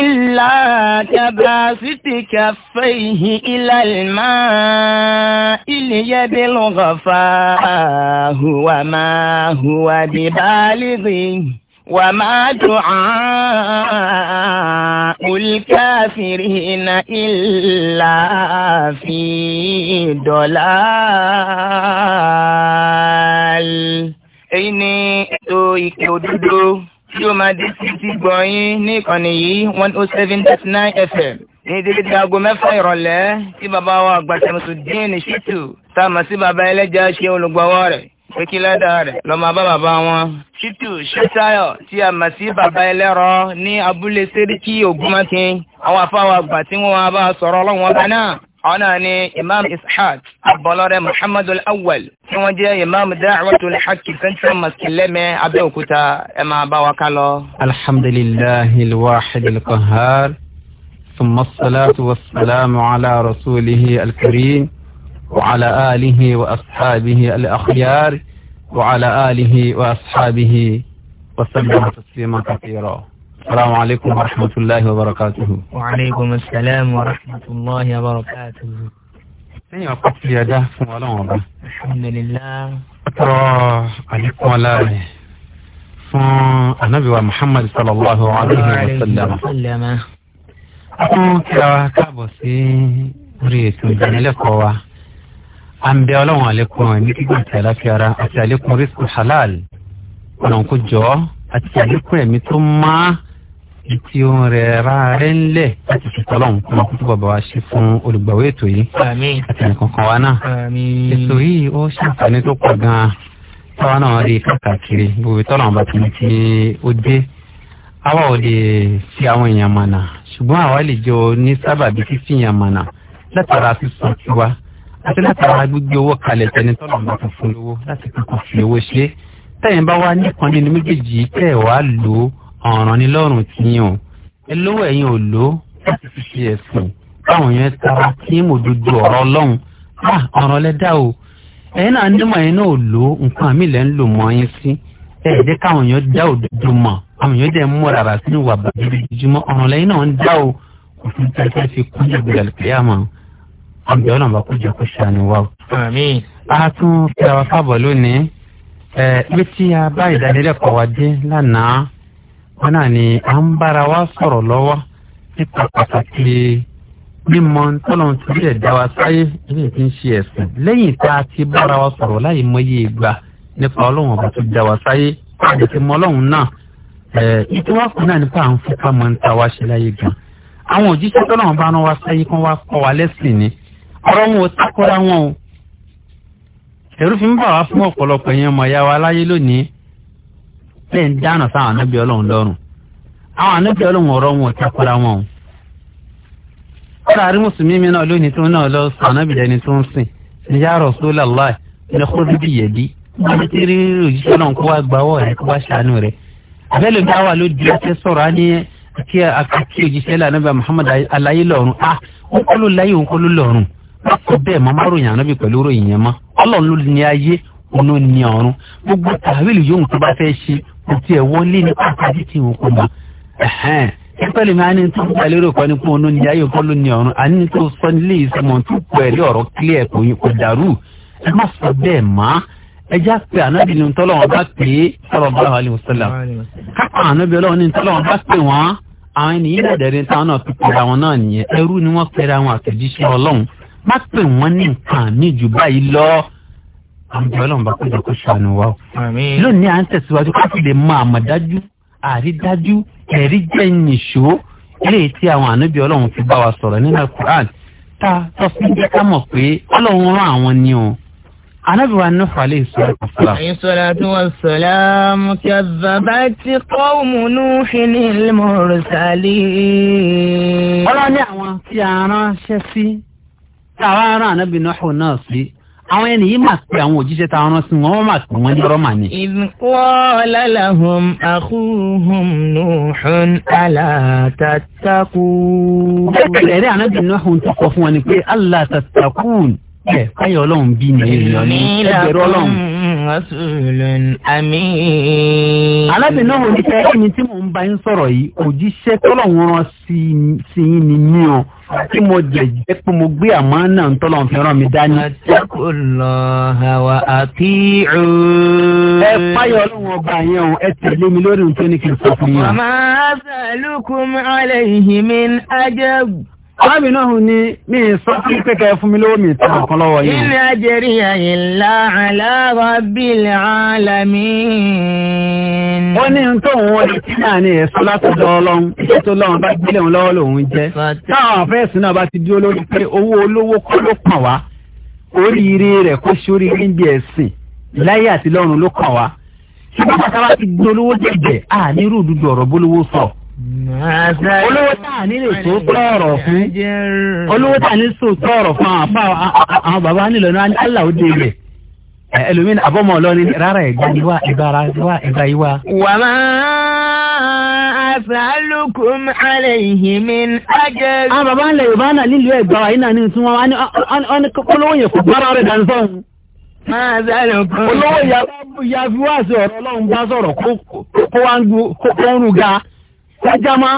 إلا كباسط كفيه إلى الماء ليبلغ فاه وما هو ببالغه وما دعاء الكافرين إلا في ضلال. Èyí ni ètò ìpè òdodo tí máa dé sí gbọ̀nyín ní ìkànnì yìí one oh seven thirty nine fm ní dédé aago mẹ́fà ìrọ̀lẹ́ tí bàbá wa àgbàtẹ̀mùsù dín ní ṣètò tá a mọ̀ sí bàbá ẹlẹ́jà ṣe olùgbọ̀wọ́ rẹ̀ pé kí lẹ́dà rẹ̀ lọ́mọ bá bàbá wọn. ṣètò ṣẹ́tayọ̀ tí a mọ̀ sí bàbá ẹlẹ́rọ ní abúlé sẹ́ríkì ògúnmọ́kin àwọn afáwọn àgbà tí wọ́n máa bá a sọ̀rọ̀ ọlọ́run ọba náà àwọn náà ni imam ishaq abọ́lọ́rẹ́ muhammadu awwal tí wọ́n jẹ́ imam da'watul haqq central mosque lẹ́mẹ́ abẹ́òkúta ẹ máa bá wa ká lọ. alhamdulillahi alwahid alqahar ثم الصلاة والسلام على رسوله الكريم وعلى آله وأصحابه الأخيار وعلى آله وأصحابه وسلم تسليما كثيرا السلام عليكم ورحمة الله وبركاته وعليكم السلام ورحمة الله وبركاته ẹ̀yìn ọkọ̀ ti ẹ̀dá fún ọlọ́run ọba. alhamdulilayi. ó tọrọ àlékún ọlá rẹ̀ fún anabiwa muhammad sallallahu alayhi wa sallam. a tún kíra wa káàbọ̀ sí orí ètò ìdánilẹ́kọ̀ọ́ wa. à ń bẹ ọlọ́run àlékún ẹ̀ ní kíkọ́ àti àlàáfíà ara àti àlékún rísíkù halal. ọ̀nà kò jọ àti àlékún ẹ̀mí tó máa tí ó ń rẹ ra rẹ ń lẹ láti fi tọ́lọ́hún kó máa kú tó bàbá wa ṣe fún olùgbàwé ètò yìí àti nǹkankan wa náà ètò yìí ó ṣàǹfààní tó pọ̀ gan-an táwa náà rí káàkiri gbogbo tọ́lọ́hún bá ti ní kí ó dé àwa ò lè fi àwọn èèyàn mọ̀nà ṣùgbọ́n àwa lè jọ ní sábàbí fífi èèyàn mọ̀nà látara sísan tiwa àti látara gbígbé owó kalẹ̀ tẹni tọ́lọ́hún bá ti fún lówó ọ̀ràn ni lọ́rùn tiyín o ẹ lówó ẹ̀yin ò lò láti fi ṣe ẹ̀sìn báwọn yẹn tara kí mòdodo ọ̀rọ̀ ọlọ́run ah, ọ̀rọ̀ lẹ́dá o ẹ̀yin náà nímọ̀ ẹ̀yin náà ò lò nǹkan àmì lẹ́ ń lò mọ́ ẹ̀yin sí ẹ jẹ́ káwọn èèyàn dá òdodo mọ̀ àwọn èèyàn dẹ̀ mú rárá sínú wà bàbá ìjùmọ̀ ọ̀ràn lẹ́yìn náà ń dá o òfin tí a fi kún ìgbé àlùkìyà wọn náà ni à bára wa sọ̀rọ̀ lọ́wọ́ nípa pàtàkì mímọ̀ tọ́lọ́n ti bí ẹ̀dá wa sáyé ilé tí ń ṣe ẹ̀sìn lẹ́yìn tá a ti bára wa sọ̀rọ̀ láì mọyé ìgbà nípa ọlọ́run ọba tó dá wa sáyé àdè ti mọ ọlọ́run náà ìtura kù náà nípa à ń fipá níta wá ṣe láyé gan àwọn òjíṣẹ́ tọ́lọ́run bá rán wa sáyé kán wá kọ́ wa lẹ́sìn ni ọ̀rọ̀ wọn ò takora wọn o ẹ̀rù fi ń bà wá fún ọ̀pọ̀lọpọ̀ yẹn mọ̀ ya wa láyé lónìí lè ń dáná sáwọn anábì ọlọ́run lọ́rùn àwọn anábì ọlọ́run ọ̀rọ̀ wọn takora wọn o. kọ́ra rí mùsùlùmí mi náà lónìí tó náà lọ sọ anábì ẹni tó ń sìn ní ya Rasulullah ní kó bíbí yẹ̀dí wọ́n ti rí òjíṣẹ́ ọlọ́run kó wá gbawọ́ rẹ̀ kó wá ṣàánú rẹ̀ abẹ́lẹ̀ bí àwa ló di ọtí sọ̀rọ̀ á ní kí àkàkí òjíṣẹ́ lànàbà Muhammad alayé lọ́rùn ah ó kọ́ ló láyé òun kọ́ bẹ́ẹ̀ kò tiẹ̀ wọlé ní pàtàkì tí ò kò mọ̀ pípẹ́lì mi á ní tó ń gbà lérò kan ní kún un ní ayé kọ́ ló ní ọ̀run á ní tó sọ nílé ìsọmọ tó pẹ̀lú ọ̀rọ̀ clear kò yín kò dàrú ẹ má sọ bẹ́ẹ̀ má ẹ já pé ànábì ní tọ́lọ́wọ́n bá pè é sallallahu alaihi wasallam kápá ànábì ọlọ́wọ́n ní tọ́lọ́wọ́n bá pè wọ́n àwọn ènìyàn náà dẹ̀rẹ̀ táwọn náà fi pèrè àwọn náà nìyẹn ẹrú ni wọ́n pèrè àwọn àtòjíṣẹ́ ọlọ́run má pè wọ́n ní nǹkan ní jù báyìí lọ́ọ́ àmì ọlọ́run bá kọjá kó ṣàánú wa o. lónìí à ń tẹ̀síwájú ká sì lè mọ àmọ̀dájú àrídájú ẹ̀rí jẹ́ nìṣó eléyìí tí àwọn ànábì ọlọ́run fi bá wa sọ̀rọ̀ nínú Quran tá sọ fún jẹ́ ká mọ̀ pé ọlọ́run rán àwọn ni o. ànábì wa Nuhu alayhi salatu wassalam. alayhi salatu wassalam kazzabat qawmu Nuhin al-mursalin. ọlọ́run a ránṣẹ́ sí tá a wá rán ànábì Nuhu náà sí àwọn ẹni yìí máa pe àwọn òjíṣẹ́ ta ọ̀ràn sí wọn wọ́n máa pè wọ́n ní ọ̀rọ̀ màní. ìkọ́lá lahum akhuhum nuhun aláàtàtàkùn. bẹ́ẹ̀ rẹ̀ ànábì nuhun tó kọ fún wọn ni pé aláàtàtàkùn ẹ̀ káyọ̀ ọlọ́run bí mi ènìyàn ní ẹgbẹ̀rún ọlọ́run rasulun amin. alábìnrin náà wò ní sẹ́ ẹni tí mò ń bá yín sọ̀rọ̀ yìí òjíṣẹ́ tọ́lọ̀hún rán sí yín ni mí o tí mo jẹ̀ pé mo gbé àmọ́ náà ń fẹ́ràn mi dání. attaqullaha wa ati'un. ọlọ́run ọba yẹn o ẹ tẹ̀lé mi lórí nǹkan ní sọ fún yín. wa ma as'alukum alayhi min ajab. Láàbì náà ní mi sọ fún pẹ́kẹ́ fún mi lówó mi tán ọ̀kan lọ́wọ́ yìí. Ilé ajẹ́rí àyìnlá aláàrọ̀ bílẹ̀ alámìn. Ó ní ń tó òun wọlé tí náà ní ẹ̀sọ́ látọ̀dọ̀ ọlọ́run. Iṣẹ́ tó lọ́run bá gbélé òun lọ́wọ́ lòun jẹ́. Táwọn àfẹ́sì náà bá ti dúró lórí pé owó olówó kọ́ ló kàn wá. Oríire rẹ̀ kó sórí níbi ẹ̀sìn láyé àti lọ́run ló kàn wá. Ṣùgbọ́n bàtà bá ti dolówó jẹ̀jẹ̀ olówó tà nílò tó tọrọ fún olówó tà nílò tó tọrọ fún àwọn bàbá nílò náà aláwọ délé ẹlòmínà àbọ̀mọ̀ ọlọ́rin rárá ẹ̀gbá yìí ìbára wá ìgbà yìí wá. wàmà àfàlùkùn alẹ́ yìí mi àwọn bàbá ńlẹ̀ yorùbá náà nílùú ẹ̀gbá wa yìí náà ní tí wọ́n wá ní kólówó yẹn kò gbára rẹ̀ dání sọ́hún. máa sálọ olówó ìyá fi wá ọ̀rọ̀ ọlọ́run bá sọ̀rọ̀ kó wá ń ru ga jájámá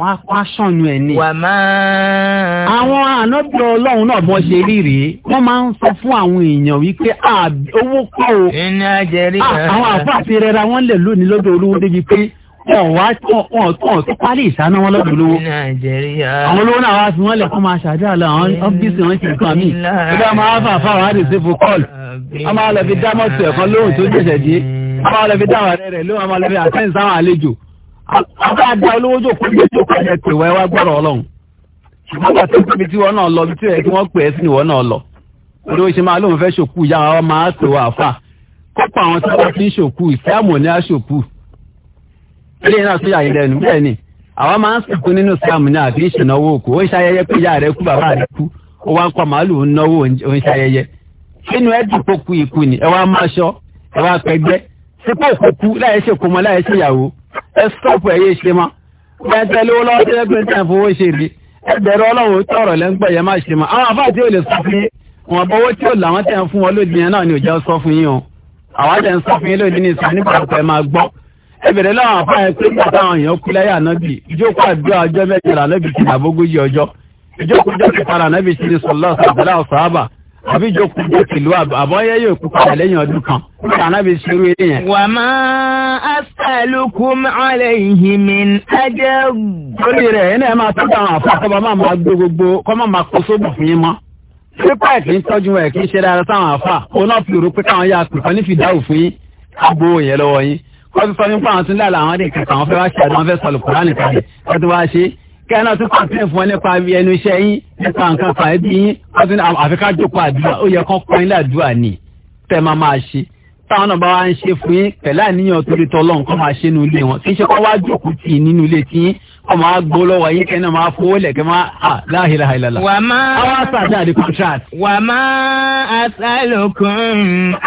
wọn á sànù ẹ ní. wà máa. àwọn ànábì ọlọ́run náà bọ́ ṣe rí rèé wọ́n máa ń sọ fún àwọn èèyàn wípé owó kọ́ o. iná àjẹrí náà. àwọn àfáà ti rẹra wọn lè lónìí lọ́dọ̀ olówó débi pé wọn wá wọn tó parí ìsáná wọn lọ́dọ̀ olówó. àwọn olówó náà wá fi wọn lẹ̀ kọ́ máa ṣàdúrà lọ àwọn ọ́fíìsì wọn ti kàn mí. ìgbà máa fà fà wá rèé sí fún kọ́ọ̀lù. máa lọ fi dá mọ́tò ẹ̀kan lóhùn tó jẹ̀ṣẹ̀ dé. wọ́n máa lọ fi dá àwọn ọ̀rẹ́ rẹ̀ lóhùn àbá àdá olówó jókòó ní ètò ìpàdé pè wá wá gbọ́rọ̀ ọlọ́run ṣùgbọ́n gbà tó ibi tí wọ́n náà lọ ibi tí ẹ̀ kí wọ́n pè é sí ìwọ náà lọ orí ó ṣe máa lóun fẹ́ ṣòkú ìyá wa máa pè wá fà kópa àwọn tí wọ́n ti ń ṣòkú ìsìlámù ní àṣòkú ilé náà tó yàyẹ lẹ́nu bẹ́ẹ̀ ni àwa máa ń sìnkú nínú ìsìlámù ní àbí ìṣìnáwó òkú ó ń ṣayẹyẹ pé ìyá rẹ kú bàbá rẹ kú ó wá ń pa màálù ń náwó ó ń ṣayẹyẹ inú ẹ dùn kó ku ìkú ni ẹ wá máa ṣọ ẹ wá pẹgbẹ sípò kó ku láyé ṣèkómọ láyé ṣèyàwó ẹ stọọpù ẹ yé ṣe mọ ẹ tẹlẹ wọn lọ́wọ́ tẹlẹ pé tẹ fowó ṣe rí ẹ bẹ̀rù Ọlọ́run tọrọ lẹńgbẹ yẹn má ṣe mọ àwọn àbá àti olè sọ fún yín wọn bọwọ tí ò làwọn tẹ ń fún wọn lóde yẹn náà ni òjò sọ fún yín o àwọn tẹ ń sọ fún yín lóde ní ìsàn nípa pẹ máa gbọ́ ẹ bẹ̀rẹ̀ lọ́wọ́ àbá yẹn pé nígbà táwọn èèyàn kú láyé ànábì ìjókòó àdúrà ọjọ́ mẹ́jọ ànábì ti dàbógójì ọjọ́ ìjókòó ọjọ́ kẹta ànábì ti ní àbí ìjókòó jẹ tìlú àbọ̀yẹ yóò kú padà lẹ́yìn ọdún kan kí anábì ṣerú eré yẹn. wà á máa as'alukum alayhi min ajr. lórí rẹ̀ yẹn náà máa tọ́jú àwọn àfọ́kọ́ba máa máa gbé gbogbo kọ́ máa máa kó sóbù fún yín mọ́. pípa kì í tọ́jú ẹ̀ kì í ṣe dára sáwọn àfà òun náà fi rò pé káwọn yà pè kán ní fìdáwò fún yín yẹn lọ́wọ́ yín. wọ́n fi nípa àwọn tún láàlà àwọn kẹ́nà tún kọ́ńtẹ́ fún ẹ nípa ẹnu iṣẹ́ yín nípa nǹkan kan ẹbí yín wọ́n ti ní àfikà jókòó àdúrà ó yẹ kán pọ́n ilé àdúrà ni tẹ́ máa máa ṣe táwọn náà bá wá ń ṣe fún yín pẹ̀lú àníyàn torí tọ́lọ́ nǹkan máa ṣe nínú ilé wọn kì í ṣe kó wá jókòó tì í nínú ilé tiyín ọmọ agbo lọ́wọ́ yín kẹ́ni máa fowó lẹ̀ kẹ́ máa à ah, la ilaha illallah. wà á máa àwọn àṣàjà di contract. wà á máa as'alukum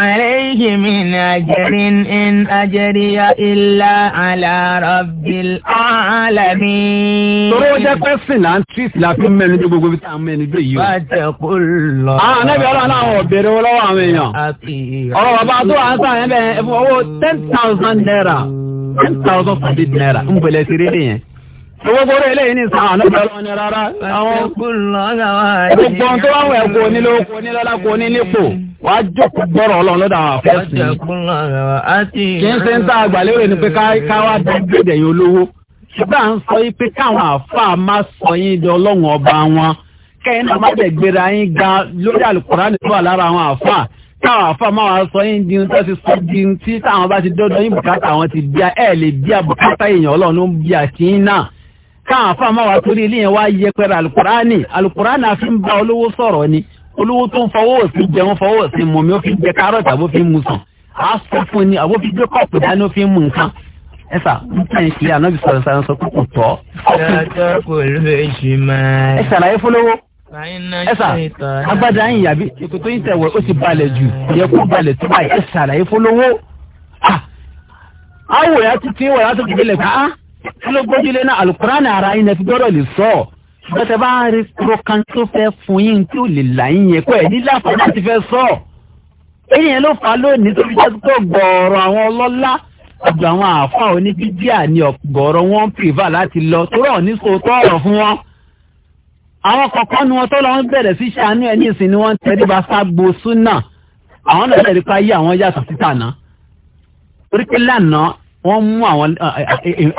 alayhi min ajrin in ajriya illa ala rabbil alamin. torí ó jẹ́ pé sinna ń tí ju gbogbo bíi àwọn mẹ́nu dùn yìí o. bàtẹ́kù lọ. Ah, àwọn anábì ọlọ́run náà wọ̀ bèrè owó àwọn èèyàn. ọ̀rọ̀ bàbá tó à ń sàn yẹn bẹ́ẹ̀ owó ten thousand naira ten thousand fifty naira ń bẹ̀lẹ̀ Gbogbo orí eléyìí ní ìsàn àná pẹ̀lú ọ̀nà rárá. Àwọn gbogbo ohun tó wá wọ̀ ẹ̀kọ́ onílé oko onílọ́lá kò ní nípò. Wà á jókòó gbọ́rọ̀ ọlọ́run lọ́dà àfẹ́sìn. Kì í ṣe ń tá àgbàlérò ni pé ká wá dé gbèdè yìí olówó. Ṣùgbọ́n à ń sọ yí pé káwọn àáfàá máa sọ yín di ọlọ́run ọba wọn. Kẹ́yìn náà má dẹ̀ gbéra yín ga lórí àlùkùránì tó wà àwọn àáfàá. Káwọn àáfàá máa sọ yín di tó ti sọ di tí táwọn bá ti dọ́dọ̀ yín bùkátà àwọn ti bíà ẹ̀ lè bíà bùkátà èèyàn ọlọ́run ń bíà kí í náà káwọn afáàmà wa torí ilé yẹn wá yẹpẹrẹ alukurani alukurani àfi ń bá olówó sọ̀rọ̀ ni olówó tó ń fọwọ́ sí jẹun fọwọ́ sí mọ̀mí ó fi jẹ kárọ̀tì àbó fi mu sàn á sọ fún ni àbó fi gbé kọ́ọ̀pù dání ó fi mu nǹkan ẹ sà ń tẹ̀ ń kiri ànábì sọ̀rọ̀ sọ̀rọ̀ sọ kókò tọ́. ẹ ṣàlàyé fọlọ́wọ́ ẹ sà agbada yín yàbí ètò yín tẹ̀ wẹ̀ ó ti balẹ̀ jù yẹ kó balẹ̀ tó báyìí ẹ ṣàlàyé fọlọ́wọ́. àwòrán ti ti wọ̀ látòkè kí ló gbójúlé náà alukurani ara yín ẹfi gbọ́dọ̀ lè sọ bẹ́tẹ̀ bá ń rí prokan tó fẹ́ fún yín tí ò lè là yín yẹn kọ́ ẹ̀ nílá fún láti fẹ́ sọ èyí yẹn ló fà lónìí tó fi jẹ́ tó gbọ̀ọ̀rọ̀ àwọn ọlọ́lá ọ̀dọ̀ àwọn àáfà oníbídíà ni ọ̀gọ̀ọ̀rọ̀ wọn ń pèvà láti lọ tó rọ̀ ní sòótọ́ ọ̀rọ̀ fún wọn àwọn kọ̀ọ̀kan ni wọn tó lọ ń bẹ̀rẹ̀ sí ṣàánú ẹ̀ ní ìsìn ni wọ́n ń tẹríba ságbó súnà àwọn náà lè rí pa yí àwọn yàtọ̀ síta náà orí pé lánàá wọ́n mú àwọn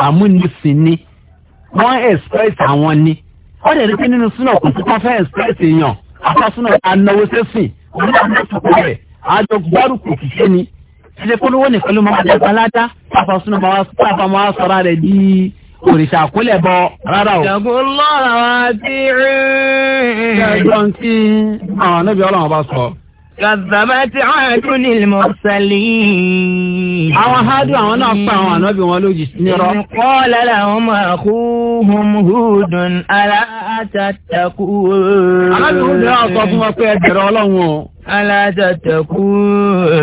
àmúnisìn ni wọ́n express àwọn ni wọ́n dẹ̀ ní pé nínú súnà kò tó kọ́ fẹ́ express èèyàn àtàsúnà anáwó sẹ́sìn òun náà ló tukọ̀ rẹ̀ àjọ gbárùkù kìíṣe ni ṣíṣe polówó nìkan ló máa dẹ́gbà ládá àfàsúnà máa wá sọ̀rọ̀ rẹ̀ di òrìṣà àkólẹ̀ bọ rárá o. ìjàgbó lọ́ra wa ti rí. ṣé ẹjọ́ ń kí àwọn anábìá ọlọ́run bá sọ. Kàzàbátì àádùn ní ìmọ̀sálí. Àwọn àádùn àwọn náà pa àwọn ànábì wọn lójì sí nírọ́. Ìkọ́ lára àwọn ọmọ àkúhùn hùdùn aláàtàtàkù. Alábì hùdùn náà sọ fún wọn pé ẹ bẹ̀rẹ̀ Ọlọ́run o. Aláàtàtàkù.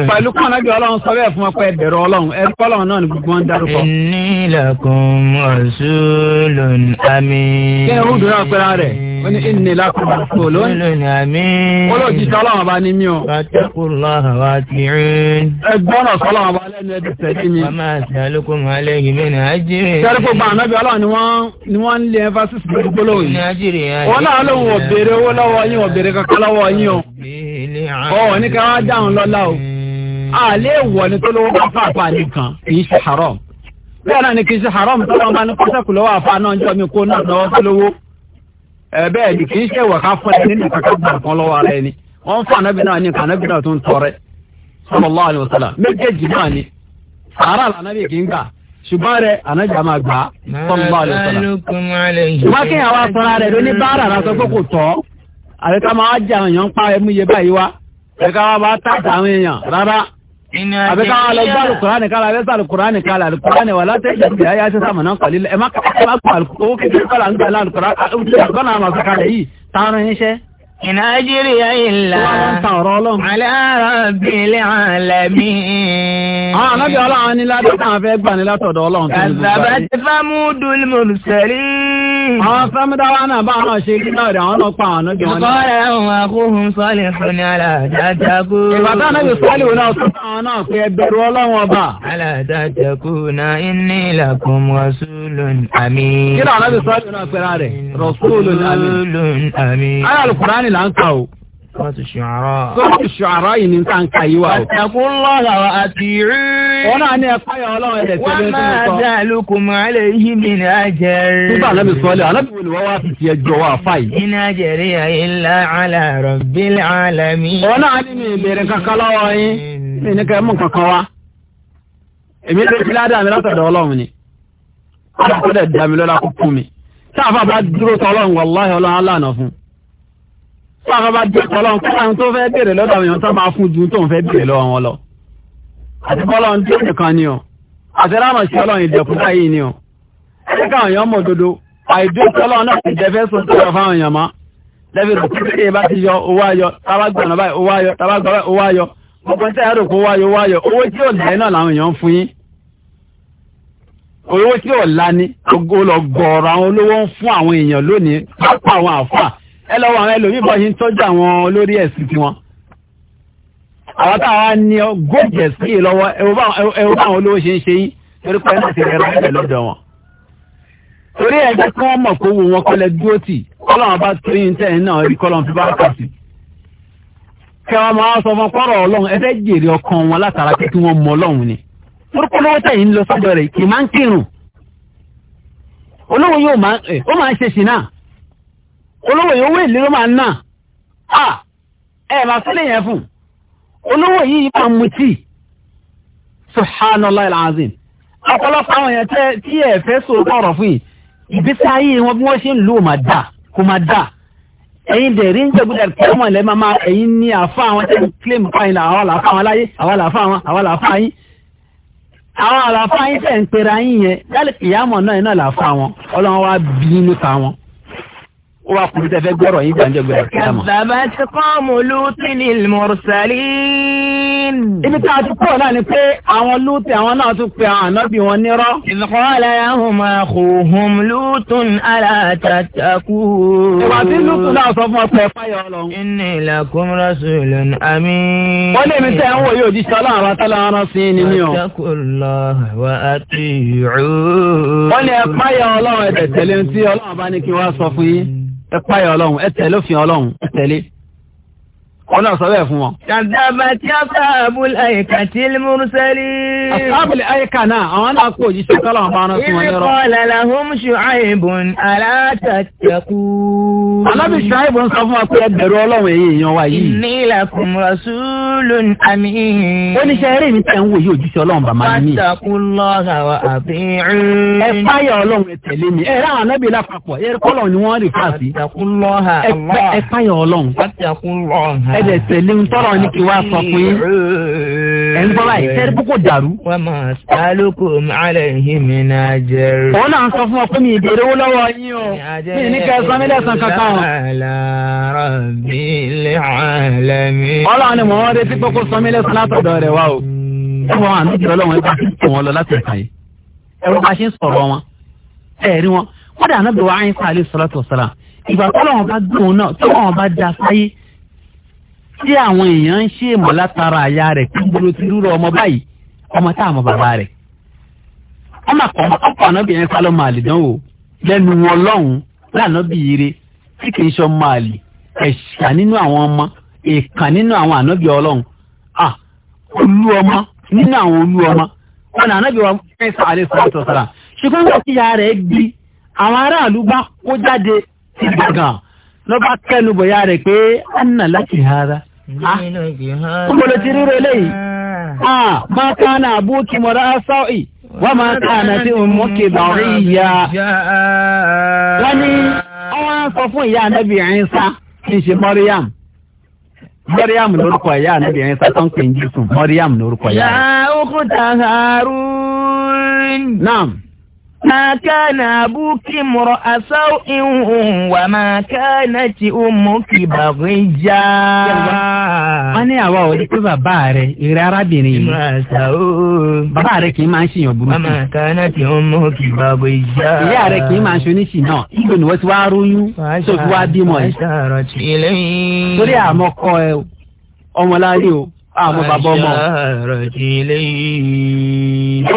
Pẹ̀lú kan náà bí Ọlọ́run sọ bẹ́ẹ̀ fún wọn pé ẹ bẹ̀rẹ̀ Ọlọ́run. Ẹ̀rí kọ́lọ́run náà ni gbogbo wọn dárúkọ. Inni lakum rasulun amin. Ṣé hùdùn náà pẹ́ra rẹ̀? ó ní ìní lákùnrin àti olóyún. olóyún àmì. olóòjì sọlọ́wọ́n bá ní mí o. wàtẹ́kùnlá àwọn àti rìn. ẹgbọ́n ọ̀sọ́lọ́wọ́n bá lẹ́nu ẹbí tẹ̀lé mi. màmá àti alukóma alẹ́yìn mi ní ajírí. sẹ́rí gbogbo ànábì ọlọ́run ni wọ́n ń lé emphasis lórí gbólóhùn yìí. ní ajírí yẹn. wọn náà lóun ò béèrè owó lọ́wọ́ yín ò béèrè kankan lọ́wọ́ yín o. ọ̀ ní ká wá dáhùn o. àlẹ́ ìwọ ni tó lówó bá fàáfà nìkan kì í ṣe haram. bẹ́ẹ̀ náà ni kì í ṣe haram tó lọ́wọ́ bá ní pátákù lọ́wọ́ àfa náà ń jọ mi kó náà lọ́wọ́ lówó ẹ̀bẹ́ ẹ̀dì kì í ṣe ìwà ká fún ẹni nìkan ká gbà kan lọ́wọ́ ara ẹni wọ́n fún ànábì náà ní ànábì náà tó ń tọrẹ sallallahu alaihi wasallam méjèèjì náà ni sàárà ànábì kì í gbà ṣùgbọ́n rẹ ànábì àmà gbà sallallahu alaihi wasallam ṣùgbọ́n kí àwa sọ́ra rẹ̀ ló ní báárà lásán tó kò tọ́ àbíká máa jẹ àwọn èèyàn ń pa ẹmúyẹ báyìí wá àbíká wá bá tààtà àwọn èèyàn rárá àbẹ ká lọ gbá alukurani kala àbẹ sá alukurani kala alukurani wà láti ẹjẹ ti ayé àti sàmùnà kọlí ẹ má kọ́ ẹ má kọ́ owó kékeré kọ́lá ń gbà lálukurani àgbọ̀nà àmọ̀ sọ̀kalẹ̀ yìí tààrọ̀ yín ṣẹ́. إن أجري إلا على رب العالمين àwọn anábì ọlọ́run ní ládé tàn fẹ́ gbà ní látọ̀dọ̀ ọlọ́run tó ní gbogbo ayé. كذبت ثمود Hmm. Àwọn sọ́múdáwá náà bá àwọn ṣe kí náà rẹ̀ àwọn náà pa àwọn náà jẹun. Ìkọ́rẹ̀ ohun akóhun sọ́lẹ̀ fún ni aláàdájákú. náà yóò sọ́lẹ̀ náà sọ àwọn náà pé ẹbẹ̀rù ọlọ́run ọba. Aláàdájákú náà sọ́ọ̀tù ṣùárà. sọ́ọ̀tù ṣùárà yìí ní nǹkan yìí wà. àtàkùn lọ́la àti rí. wọn náà ní ẹ̀kọ́ yẹn ọlọ́run ẹ̀dẹ̀ tó lé tó ń sọ. wọ́n máa dá lukùn alẹ́ yìí mi ní àjẹ́ rí. nígbà náà mi sọ lẹ́ alábì wo ni wọ́n wá fi tiẹ̀ jọ wá fà yìí. in ajriya illa ala rabbil alamin. wọn náà ní mi ìbéèrè kankan lọ́wọ́ yín mi ní kẹ́ mú kankan wá. èmi lè fi ládàá mi látọ̀dọ̀ ọlọ́run ni. ọlọ́run kò dẹ̀ dá mi lọ́la kó kú mi. táà fáwọn bá jẹ́ kọ́lọ́n kọ́lọ́n tó fẹ́ bèrè lọ́dọ̀ àwọn èèyàn tó máa fún ju tó ń fẹ́ bèrè lọ́wọ́ wọn lọ. àti kọ́lọ́n tó nìkan ni o àti rámọ̀ ọlọ́run ìdẹ̀kùn báyìí ni o. ẹni káwọn èèyàn mọ̀ dodo àìdó kọ́lọ́n náà ti jẹ́ sọ tó fáwọn èèyàn mọ́. lẹ́bi rẹ̀ kí bá ti yọ owó ayọ tabagbọ̀nà báyìí owó ayọ tabagbọ̀nà ẹ lọ́wọ́ àwọn ẹlòmíì bọ́ ṣe ń tọ́jú àwọn olórí ẹ̀sìn tiwọn àwọn táwa ní góòjì ẹ̀sìn yìí lọ́wọ́ ẹ̀wọ́ bá àwọn olówó ṣe ń ṣe yín torí pé ẹ̀sìn rẹ̀ rẹ̀ rẹ̀ lọ́dọ̀ wọn. torí ẹ̀ jẹ́ kí wọ́n mọ̀ kó wo wọn kọ́lẹ̀ dúró tì kọ́lọ́n bá torí ń tẹ̀ náà rí kọ́lọ́n fi bá kà sí. kí wọ́n máa sọ fún kọ́rọ̀ ọlọ́run ẹ fẹ́ jèrè ọkàn wọn látara pé kí wọ́n mọ ọlọ́run ni. torí lọ́wọ́ olówó yìí owó èlé ló máa ń nà á ẹ máa sílẹ̀ yẹn fún olówó yìí máa mu tíì subhanallah alazim ọ̀pọ̀lọpọ̀ àwọn yẹn tẹ́ tí ẹ fẹ́ sòótọ́ ọ̀rọ̀ fún yìí ìgbésí ayé wọn bí wọ́n ṣe ń lò máa dà kó máa dà ẹ̀yin dẹ̀rí ń jẹ́gbẹ́dà kẹ́mọ̀ lẹ́ máa máa ẹ̀yin ní àfa àwọn tẹ́ ń claim fáyín la àwọn làfa àwọn láyé àwọn làfa àwọn àwọn làfa yín àwọn làfa yín tẹ̀ ń pera yín yẹn yálẹ̀ kìyàmọ̀ náà iná làfa wọn ọlọ́run wá bí inú wọn ó wá kùn tẹ́fẹ́ gbọ́rọ̀ yín gbàǹjẹ́ gbẹ̀rẹ̀ kí á mọ̀. bàbá ti kọ́ mu lùtì ní mùrùsàlín. ibi tá a ti kúrò náà ni pé àwọn lùtì àwọn náà tún pe àwọn ànábì wọn nírọ́. ìfọ̀kànlá yahoo máa kó hum lùtùn aláàtàkù. ìwà tí lùtùn náà sọ fún ọpẹ fáyọ lọ. inni lakum rasulun amin. wọ́n lè mi tẹ́ ń wò yóò di sọ́lá àwọn atálàárán sí i nínú yàn. wọ́n ní ẹ ẹ páyà ọlọ́run ẹ tẹ̀lé òfin ọlọ́run ẹ tẹ̀lé ọ̀nà sọ́rọ̀ ẹ̀ fún wọn. Ṣàdàbà tí a fẹ́ àbúl àyíká tí múrúsẹ́lì. Àbúl àyíká náà, àwọn náà kò jí sọ́kọ́lọ̀ ọmọ ọ̀nà sí wọn lọ́rọ̀. Ìrìkọ́ lẹ́la hún ṣùáìbùn alátàtẹ̀kù. Alábì ṣùáìbùn sọ fún wa pé ẹ bẹ̀rù Ọlọ́run èyí èèyàn wa yìí. Ní ìlàkùn Rasulun Amin. Ó ní ṣe eré mi tẹ̀ ń wò yí òjíṣẹ́ Ọlọ́run bàmá mi. Fàtàkùn lọ́ha ẹ̀dẹ̀ tẹ̀lé ń tọrọ ní kí wàá sọ pé ẹ̀ ń gbọ́ra ẹ̀ tẹ́rí púpọ̀ dàrú. wọ́n máa sálókò alẹ́ yìí mi náà jẹ́rù. òun náà sọ fún ọ pé mi ìbéèrè owó lọ́wọ́ yín o mi ní kẹ́ ẹ sọ mí lẹ́sàn kankan o. ọlọ́run ni mò ń retí pé kó sọ mí lẹ́sàn látọ̀dọ̀ rẹ̀ wá o. ẹ wọ àánú jùlọ lọ́wọ́ ẹ bá ti tò lọ láti ẹ̀ka yìí. ẹ ìgbà tó lọ́wọ́n bá gbóhùn náà tó lọ́wọ́n bá da sáyé tí àwọn èèyàn ń ṣe èmọ̀ àyà rẹ̀ kí n bolo ti rúrọ ọmọ báyìí ọmọ tá àmọ́ bàbá rẹ̀ ọmọ àkọ́kọ́ ọkọ̀ ànábìyẹn sálọ́mọ àlìdánwò lẹ́nu wọn lọ́hùn lànàbìyire tí kì í ṣe ọmọ ẹ̀ṣà nínú àwọn ọmọ ìkà nínú àwọn ànábìyẹ ọlọ́hùn à olú ọmọ nínú àwọn olú ọmọ sọ ṣùgbọ́n wọ́n ti ya rẹ̀ gbi àwọn aráàlú bá kó jáde ti lọ́ba kẹ́nu kúmọ̀lẹ̀ ti rírọ eléyìí máa ká náà bú kí mọ̀rá sáì wọ́n máa ká náà tí òun mọ́kè bàrí ìyá wọ́n ní wọ́n sọ fún ìyá anábì Ìsá kí n ṣe Mọ́ríyàm Mọ́ríyàm lórúkọ ìyá anábì Ìsá tó ń pè ń jésù Mọ́ríyàm lórúkọ ìyá. ما كان أبوك امرأ سوء وما كانت أمك بغيا. wọ́n ní àwa ò rí pé bàbá rẹ̀ ìrẹ́ arábìnrin yìí. ìmọ̀ ṣàó. bàbá rẹ̀ kì í máa ń ṣèyàn burúkú. wama kanat ummuki baghiya. ìyá rẹ̀ kì í máa ń ṣe oníṣì náà. ibo ni wọ́n ti wá róyún tó fi wá bímọ yìí. torí àmọ́ kọ ẹ ọmọláyé o àmọ́ bàbá ọmọ.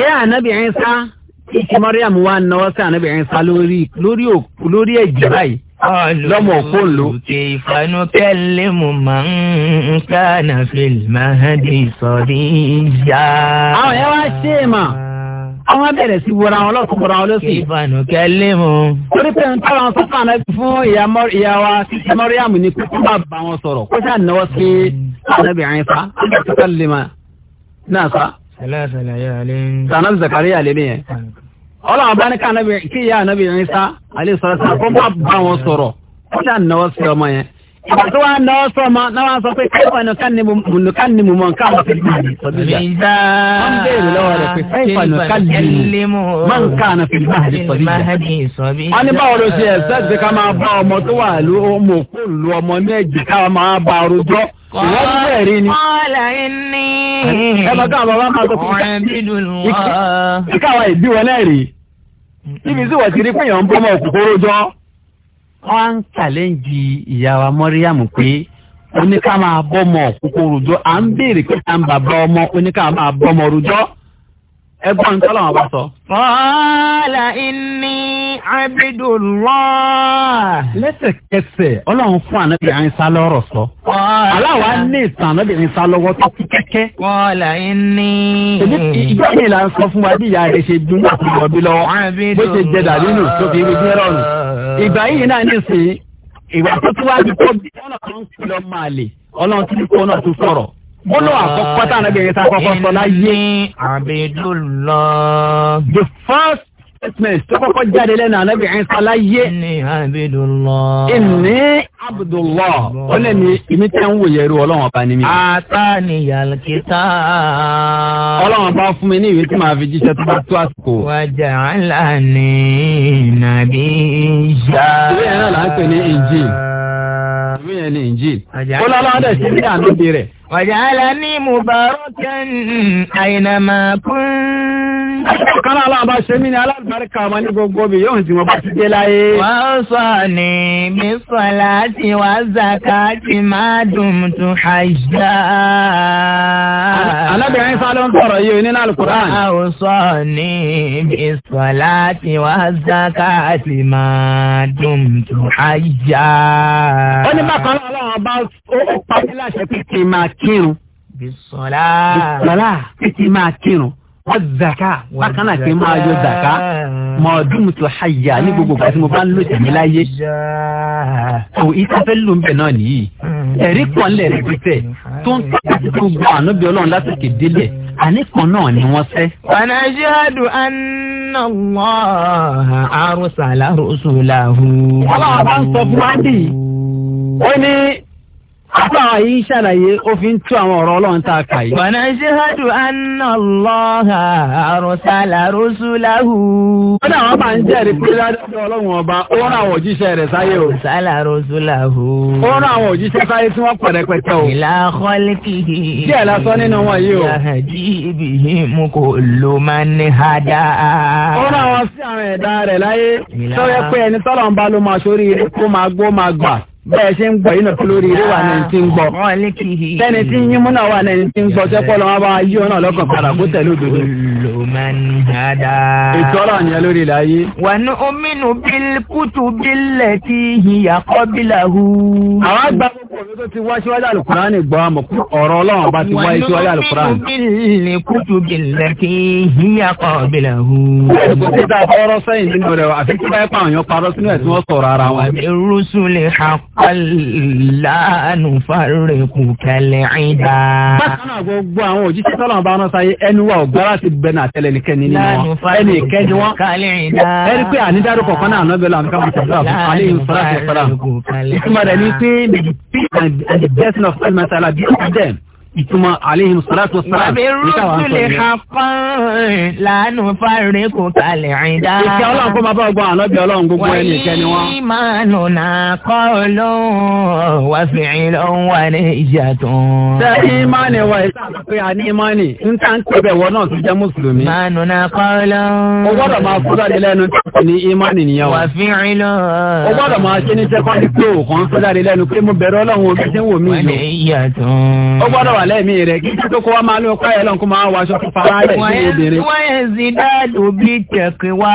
ìyá ànábìyẹn sá kí mariam wa náwó sí ànábìrin sá lórí lórí lórí ẹ̀jẹ̀ báyìí lọ́mọ òkú ńlò. kì í fanú kẹ́lẹ́ máa ń kánà fìlì máa sọ̀rí yá. àwọn ẹ wá ṣe é mà àwọn bẹ̀rẹ̀ sí wọra wọn lọ́sùn wọra wọn lọ́sùn. kì í fanú torí pé nǹkan àwọn sọ́kà náà fún ìyá wa mariam ni kó bá bá wọn sọ̀rọ̀ kó sá náwó sí ànábìrin sá ànábìrin sá lè máa náà sá. sànà zakariya lè ní yẹn ọlọ́run bá ní ká kí ìyá ànábì yẹn sá àlẹ́ sọ̀rọ̀ sá kó má bá wọn sọ̀rọ̀ kó dà náwó sí ọmọ yẹn Ìgbà tó wá ń lọ sọ́mọ náà wá sọ pé kẹ́kọ̀ọ́ nìkan ni mo mọ̀ nǹkan àwọn fìdí báyìí sọ́dún yà. Wọ́n béèrè lọ́wọ́ rẹ̀ pé kẹ́kọ̀ọ́ nìkan ni mo mọ̀ nǹkan àwọn fìdí báyìí sọ́dún yà. Wọ́n ní báwo ló ṣe ẹ̀sẹ̀ ṣe ká máa bá ọmọ tó wà ló mọ̀ kó lu ọmọ méjì ká máa bá arojọ́. Ìwọ́n ń bẹ̀rẹ̀ rí pé wọ́n á ń challenge ìyá wa mọ́ríyàmù pé oníkà máa bọ́ ọmọ kókó rojọ́ à ń béèrè pé à ń bàbá ọmọ oníkà máa bọ́ ẹgbọ́n tọ́lọ̀ wọn bá sọ. qala inni abidullah. lẹ́sẹ̀kẹsẹ̀ ọlọ́run fún ànábì àyínsá lọ́rọ̀ sọ. aláwa ní ìtàn ànábì àyínsá lọ́wọ́ tó kú kẹ́kẹ́. qala inni. èmi ìjọ mi là ń sọ fún wa bí ìyá rẹ ṣe dún àti ìwọ̀bí lọ́wọ́ bó ṣe jẹ dàbí nù tó fi ibi díẹ̀ rọrùn. ìgbà yìí náà ní ìsìn ìgbà tó tún wá kóló àkọ́kọ́ tá ànábì yẹn tá àkọ́kọ́ sọ láyé. the first statement tó kọ́kọ́ jáde lẹ́nu ànábì yẹn sọ láyé. ìní abudulọ ó lè ní ìmí tẹ́ ń wòye ru ọlọ́run ọba ni mi. ata ni yalkita. ọlọ́run bá fún mi ní ìwé tí màá fi jíṣẹ́ tó bá tó àsìkò. wájà aláàní nàbí ìjà. ìwé yẹn náà là ń pè ní injil. ìwé yẹn ní injil. ó lọ́lọ́ dẹ̀ sí ní ànábì rẹ̀ wàjálání mubarakan àyìnàmà kún. kọ́lá aláàbá ṣe mí ní alábàárìkà ọmọ ní gbogbo bí yóò ti mọ bá ti dé láyé. wọ́n sọ ní bísọ̀lá tí wàá zàkà tí máa dùn tó hajjá. alábìrin sálọ ń sọ̀rọ̀ yìí nínú alukur'an. wọ́n sọ ní bísọ̀lá tí wàá zàkà tí máa dùn tó hajjá. ó ní bákan náà ọlọ́run ó pa láṣẹ pé máa kírun. bisola bisola kí máa kírun wọ́n zaka bákan náà kí n máa yọ zaka mọ̀ọ́dún tó hayà ní gbogbo ìgbà mo bá ń lò tẹ̀mí láyé. kò ìtafẹ́ ló ń bẹ̀ náà nìyí. ẹ̀rí kan lẹ̀ rí pípẹ́ tó ń tọ́ka sí gbogbo ànábì ọlọ́run lásìkò délẹ̀ àní kan náà ni wọ́n fẹ́. ọ̀nà ṣáàdù anna Allah arsala rusulahu. ọlọ́run bá ń sọ fún wa ó ní. Àbá yìí ṣàlàyé ó fi ń tú àwọn ọ̀rọ̀ Ọlọ́run tá a kà yìí. Bọ̀nà ṣíhádù anna Allaha arsala rusulahu. Ó ní àwọn máa ń jẹ́rìí pé ládàjọ́ Ọlọ́run ọba ó rán àwọn òjíṣẹ́ rẹ̀ sáyé o. Arsala rusulahu. Ó rán àwọn òjíṣẹ́ sáyé tí wọ́n pẹ̀rẹ̀pẹ̀tẹ̀ o. Ìlà khalqihi. Díẹ̀ lásán nínú wọn yìí o. Yahdi bihim kullu man hada. Ó rán àwọn sí àwọn ẹ̀dá rẹ̀ bẹ́ẹ̀ ṣe ń gbọ́ yìí náà tó lórí eré wà ní ti ń gbọ́ ah, tẹ́ni tí yín múnà wà ní ti ń gbọ́ sẹ́pọ̀ lọ́wọ́ bá yí ọ̀nà lọ́kàn padà kó tẹ̀lé òdodo. ètò ọ̀rọ̀ yẹn lórí ilẹ̀ ayé. wà ní omínú bíl kútù bílẹ̀ tí ìyàkọ́ bílà hu. àwọn àgbà òwe tó ti wá síwájú àlùkùránì gbọ́ àmọ̀ kú ọ̀rọ̀ ọlọ́run ọba ti wá síwájú àlùkùránì. wọ́n ní bílẹ̀ kútu bílẹ̀ kí yíyá kọ́ bílẹ̀ hù. kò sí ta ọ̀rọ̀ sẹ́yìn nínú rẹ̀ àfi kí báyìí pààyàn yàn parọ́ sínú ẹ̀ tí wọ́n sọ̀rọ̀ ara wọn. irúsùlẹ̀ àpàlánù fàrẹ̀ kù kẹlẹ̀ ìdá. bákan náà gbogbo àwọn òjíṣẹ́ tọ́lọ́run bá rán sáyé ẹnu wa ògbára ti bẹ náà tẹ́lẹ̀ ní kẹ́ni nínú wọn ẹni ìkẹ́ni wọn ẹni pé ànídàrúkọ̀ kan náà nọ́bẹ̀lá àmì káwọn tẹ̀lé àfọ̀kálẹ̀ ìfọ̀rọ̀ àti ìfọ̀rọ̀ ìtumọ̀ rẹ̀ ni pé and, the blessing of Al-Masala be on them ìtumọ̀ aleyhim salatu wa wàbí rúdúlẹ̀ haqqan lánà fáre kò kalẹ̀ ẹ̀dá. ìṣe ọlọ́run kó máa bá ọgbọ́n àlọ́bí ọlọ́run gbogbo ẹni ìṣẹ́ ni wọ́n. wọ́n máa nù kọ́ ló wà fìrì ló ń wà ní ìjà tó. ṣé ìmánì wà ìsàkó pé a ní ìmánì ń tà ń pèbè wọ náà tó jẹ́ mùsùlùmí. máa nù nà kọ́ ló. o gbọ́dọ̀ wa. wà o gbọ́dọ̀ máa ṣe ní lẹ́nu tí ń wà lẹ́mí rẹ̀ kí tó kó wá máa ló kọ́ ẹ̀ lọ́nkú máa wáṣọ fún fara rẹ̀ sí obìnrin. wọ́n yẹn sì dáàdù bí tẹ̀kí wá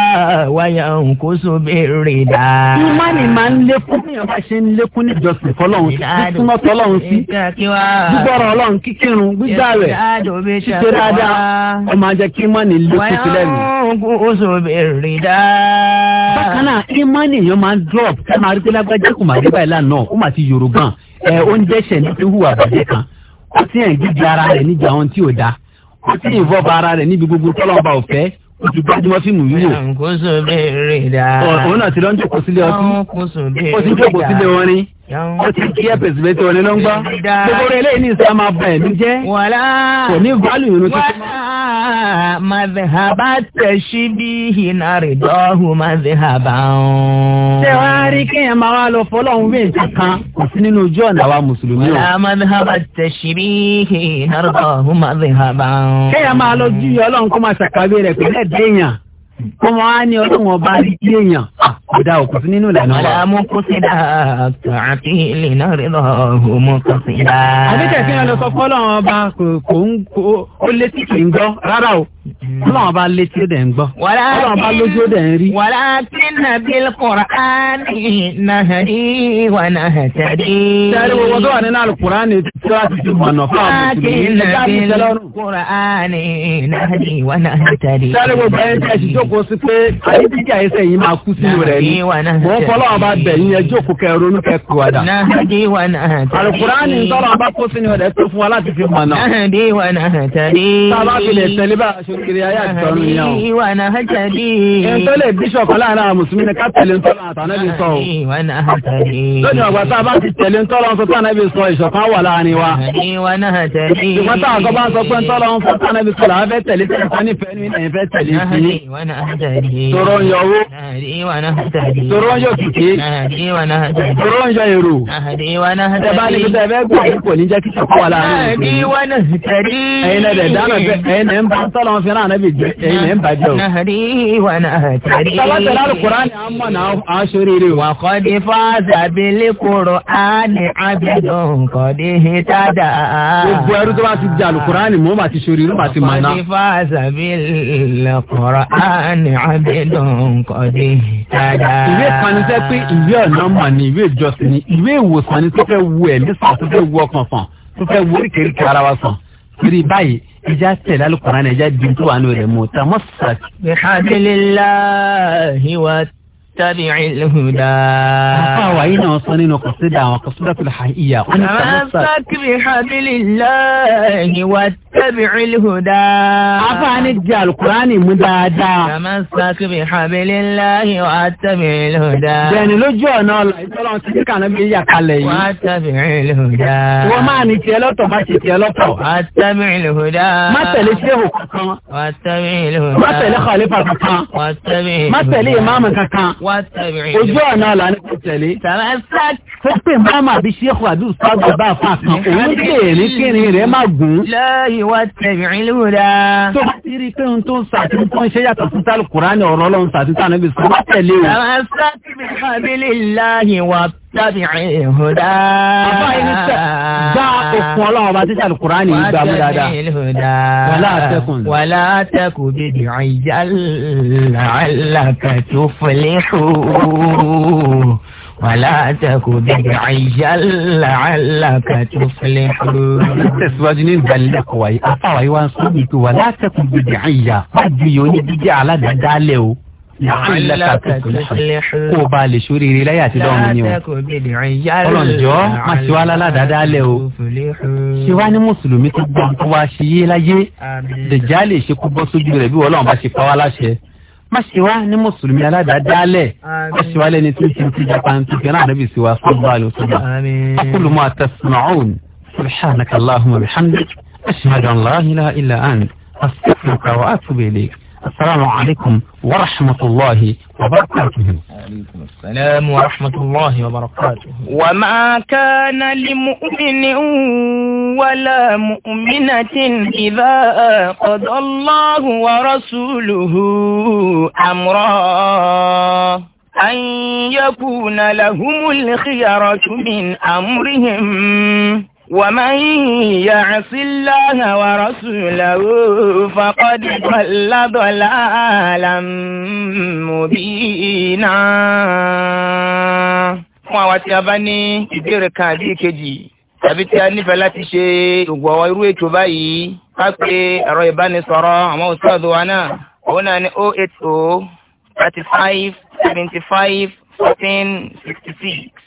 wáyà nkó sóbèrè dá. ìmánì máa ń lékún ní ọba ṣe ń lékún ní ìjọsìn fọlọ́run sí súnmọ́ tọ́lọ́run sí gbígbọ́rọ̀ ọlọ́run kíkírun gbígbà rẹ̀ ṣíṣe dáadáa ó máa jẹ́ kí ìmánì lékún sílẹ̀ mi. wáyà nkó sóbèrè dá. bákan náà ìmánì yẹn máa ń máa rí ó ti hàn jíjẹ ara rẹ̀ níjà ohun tí ò da ó ti involve ara rẹ̀ níbi gbogbo tọ́lọ́ba ọ̀fẹ́ ó ti gbájúmọ́ fíìmù wíwò. òun náà ti lọ ń jókòó sílé ọtí ó ti jókòó sílé orin ó ti kí ẹ̀pẹ̀sì bẹ́ẹ̀ tí wọ́n ní ló ń gbọ́ gbogbo rẹ̀ lẹ́yìn ní ìsá máa bọ̀ ẹ̀mí jẹ́ kò ní válù irun tuntun. Màdìhàbá tẹ̀sí bí iná rẹ̀ dọ́hùn màdìhàbá ọ̀hún. Ṣé wàá rí kéèyàn máa wá lọ fọlọ́hún bí nǹkan kan kò sí nínú ojú ọ̀nà àwa Mùsùlùmí o. Màdìhàbá tẹ̀sí bí iná rẹ̀ dọ́hùn màdìhàbá ọ̀hún. Kéèyàn máa lọ jú Ọlọ́run kó máa ṣàkàwé rẹ̀ pẹ̀lú ẹ̀dẹ́yàn kó wọn á ní ọdún wọn bá rí bí èèyàn ah, kò dá òkú sí nínú ìlànà wa. ọ̀la mú sí dáa àti ilé náà rí lọ mú kó sí dáa. àbíkẹ́ kí wọ́n lọ sọ fọ́lọ́ wọn bá kò ń kó ó létí kì í gbọ́ rárá o ọlọ́run bá létí ó dẹ̀ ń gbọ́ ọlọ́run bá lójú ó dẹ̀ ń rí. wàrà tí nàbíl kùránì náà rí wà náà tẹ̀lé. sẹ́ẹ̀rì gbogbo tó wà nínú àlùkùránì tí wàá ti fi mọ̀nà fún àwọn mùsùlùmí ní sáàmì tẹ́lọ́rùn. kùránì náà rí wà náà tẹ̀lé. sẹ́ẹ̀rì gbogbo ẹni tí a sì jókòó sí pé ayé tí kìí ẹsẹ̀ yìí máa kú sí rẹ̀ ni mò ń fọlọ́run bá bẹ̀ kiri ayé àtọ́nu ni àwọn. ìwà náà hàjàdì. ẹn tó lè bíṣọ̀pù aláàánú àwọn mùsùlùmí ni ká tẹ̀lé ńtọ́lá àtàná bí sọ o. ìwà náà hàjàdì. lónìí ọgbà tá a bá ti tẹ̀lé ńtọ́lá ń sọ tánà bí sọ ìṣọ̀kan wà láàrin wa. ìwà náà hàjàdì. ṣùgbọ́n táwọn kan bá ń sọ pé ńtọ́lá ń sọ tánà bí sọ làwọn fẹ́ tẹ̀lé tẹ̀lé nífẹ̀ẹ́ ní fẹ́ tẹ̀lé sí. tọrọ ń yọ owó. tọrọ ń yọ kìkì. tọrọ ń yọ fi rán ànábì jẹ ẹyin lẹ́yìn bàjẹ́ o. nàhàrí wà nàhàrí. sábàtàlá alukur'an ni àwọn náà á sóríire o. wàkọ́dé fáza bílẹ̀ kúrò á ní abẹ́dùn kọ́dé hitada. gbogbo ẹrú tó bá ti di alukur'an ni mò ń ti sóríire mò ń ti mọ̀ náà. wàkọ́dé fáza bílẹ̀ kúrò á ní abẹ́dùn kọ́dé hitada. ìwé ìpanisẹ́ pé ìwé ọ̀nà mọ̀ ni ìwé ìjọsìn ni ìwé ìwòsàn ni tó fẹ́ wù ẹ̀mí sàn tó fẹ́ ọkàn sàn tó fẹ́ wù oríkèéríkèé ara wa sàn kiri báyìí ìjà tẹ̀lé alukọ̀rán ìjà dìbò wà ní rẹ̀ mú tamọ́sà. bihadililahi wa تبع الهدى وإن وصلنا وقصد وقصد في الحقيقة فاستكر حبل الله واتبع الهدى أفعن الجال القرآن مدادا تمسك بحبل الله واتبع الهدى يعني لو جوانا الله يطلعون تلك عن نبي يقالي واتبع الهدى وما نتيالوتو ما تتيالوتو واتبع الهدى ما تلسيه واتبع الهدى ما تلي خليفة كاكا واتبع ما تلي إمام كاكا ojú ọ̀nà ọ̀la ni kò tẹ̀lé. ó pè mọ́mọ́ àbí ṣéèkù àdúrà sábà bá fún àkàn òun béèrè kíni rẹ̀ má gùn. lẹ́yìn wá tẹ̀lé ìlúra. tó bá ti rí pé ohun tó ń sàtì tó ń ṣe yàtọ̀ sí sálù kùránì ọ̀rọ̀ ọlọ́run sàtì sànú ibi sọ wá tẹ̀lé o tábì ìhùdá. àbá yìí sẹ bá òkun ọlọ́run ọba títà alukurani yìí gbà mú dáadáa. wàlá àtẹkùn. wàlá àtẹkùn bèbè àyà làálàkà tó fẹlẹ́ hó. wàlá àtẹkùn bèbè àyà làálàkà tó fẹlẹ́ hó. tẹ̀síwájú ní wàlá àtẹkùn bèbè àyà làálàkà tẹ̀sílẹ̀ kó o bá lè sóríire láyé àti lọ́run ni o ọlọ́njọ́ má ṣe wá lálàdáadáa lẹ̀ o ṣe wá ní mùsùlùmí tó gbọ́n tó wá ṣe yé láyé dèjà lè ṣe kó bọ́ sójú rẹ̀ bí Ọlọ́run bá ṣe pa wá láṣẹ má ṣe wá ní mùsùlùmí aládàádáa lẹ̀ má ṣe wá lẹ́ni tó ti ti japa tó fẹ́ràn àdébì sí wa sọ́gbà ló sọ́gbà aqulu ma tasma'un subhanaka allahumma bihamdik ashhadu an ilaha illa ant astaghfiruka wa atubu ilayk السلام عليكم ورحمة الله وبركاته عليكم السلام ورحمة الله وبركاته وما كان لمؤمن ولا مؤمنة إذا قضى الله ورسوله أمرا أن يكون لهم الخيرة من أمرهم ومن يعص الله ورسوله فقد ضل ضلالا مبينا fún àwa tí a bá ní ìbéèrè kan àbí ìkejì tàbí tí a nífẹ̀ẹ́ láti ṣe gbogbo àwọn irú ètò báyìí ká pé ẹ̀rọ ìbánisọ̀rọ̀ àwọn òṣèlú wa náà òun náà ní oh eight oh thirty five seventy five fourteen sixty six.